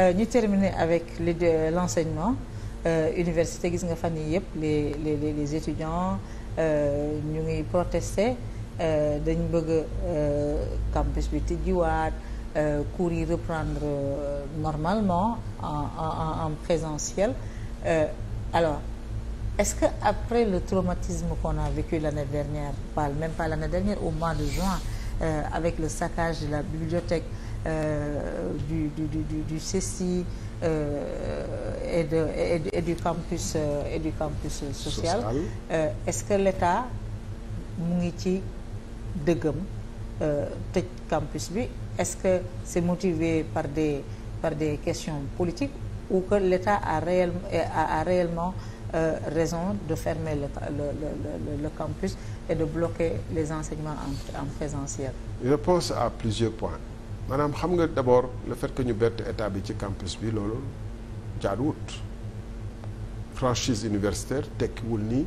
Euh, ñu terminer avec euh, l'enseignement euh, université gis nga fan yii yëpp les les les étudiants ñu ngi protester dañ bëgg campus bi tijjiwaat cours yi reprendre normalement en en en présentiel alors est-ce que après le traumatisme qu'on a vécu l'année dernière par même pas l'année dernière au mois de juin avec le saccage de la bibliothèque du du du du CESTI euh, et de et, et du campus euh, et du campus social. Euh, est-ce que l'État mu ngi ci dëggam tëj campus bi est-ce que c'est motivé par des par des questions politiques ou que l'État a réel a, réellement raison de fermer le, le, le, le campus et de bloquer les enseignements en, en Je pense à plusieurs points. maanaam xam nga d'abord le fait que ñu bett état bi ci campus bi loolu jaaduwut franchise universitaire tekkiwul ni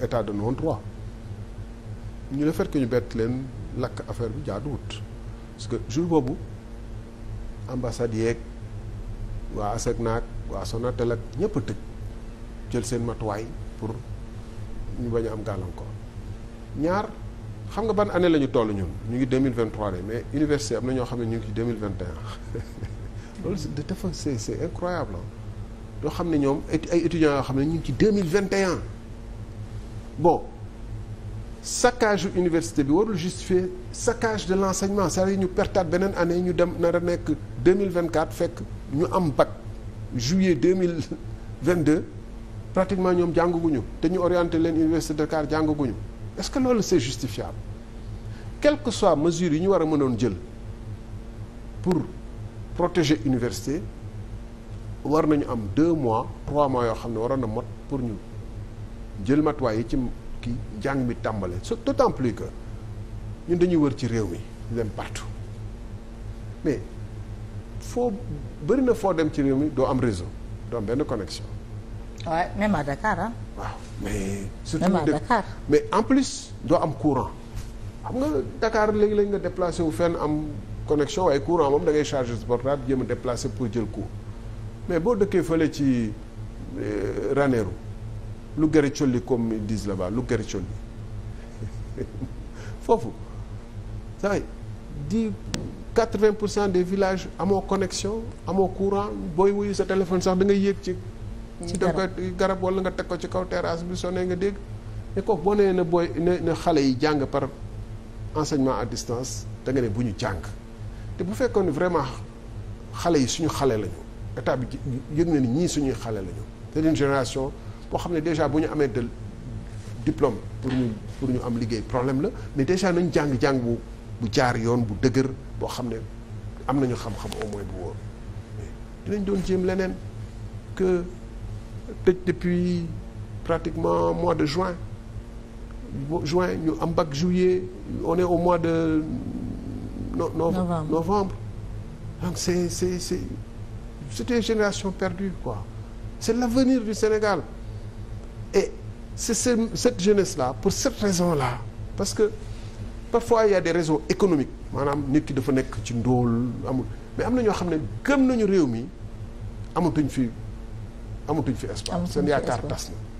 état de non droit ñu la fait que ñu bett leen lakk affaire bi jaaduwut parce que jour boobu ambassade yeeg waa ASECNA ak waa Sonatel ak ñëpp a tëj jël seen matuwaay pour ñu bañ a am gàllankoor ñaar. xam nga ban année la ñu toll ñun ñu ngi 2023 de mais université am na ñoo xam ne ñu ngi ci 2021 loolu dafa c'est c'est incroyable yoo xam ne ñoom ay étudiants yoo xam ne ñu ngi ci 2021 bon saccage yu université bi warul justifier saccage de l'enseignement cest à ñu pertaat beneen année ñu dem na a nekk 2024 fekk ñu am bac juillet vingt deux pratiquement ñoom jànguguñu te ñu orienté leen université de Dakar jànguguñu est-ce que loolu c'est justifiable quelque que soient mesures yi ñu war a mënoon jël pour protéger université war nañu am deux mois trois mois yoo xam ne waroon na mot pour ñu jël matuwaay yi ci kii njàng bi tàmbale d'autant plus que ñun dañuy wër ci réew mi ñu dem partout mais foo bëri na foo dem ci réew mi doo am réseau doo am benn connexion waaw même à Dakar waaw mais. surtout même à Dakar mais en plus doo am courant. xam nga Dakar léegi lañ nga déplacé wu fen am connexion waaye courant moom dangay ngay chargé sa portable a déplacé pour jël courant mais boo dëkkee fële ci euh, Ranérou lu gërë colli comme ils disent là-bas lu gërë colli foofu saa yi di quatre-vingt pour cent des village amoo connexion amoo courant booy wuyu sa téléphone sax da ngay yéeg ci. ci da nga koy garab wala nga teg ko ci kaw terrasse bi sonee nga dégg mais kooku boo nee ne booy ne na xale yi jàng par enseignement à distance da nga ne bu ñu jàng te bu fekkoon ne vraiment xale yi suñu xale lañu état bi yëg na ni ñii suñuy xale lañu c'est une génération boo xam ne déjà bu ñu amee de diplôme pour ñu pour ñu am liggéey problème la mais déjà nañ jàng jàng bu bu jaar yoon bu dëgër boo xam ne am nañu xam-xam au moins bu wóor dinañ doon jéem leneen tëj depuis pratiquement mois de juin juin ñu am bac juillet on est au mois de no novembre novembre donc c'est c'est c'est c'est une génération perdue quoi c'est l'avenir du Sénégal et c'est cette jeunesse-là pour cette raison-là parce que parfois il y a des économiques maanaam nit ki dafa nekk ci ndóol amul mais am na ñoo xam ne gëm nañu réew mi amatuñ fi amatuñ fi espace seen yaakaar tas na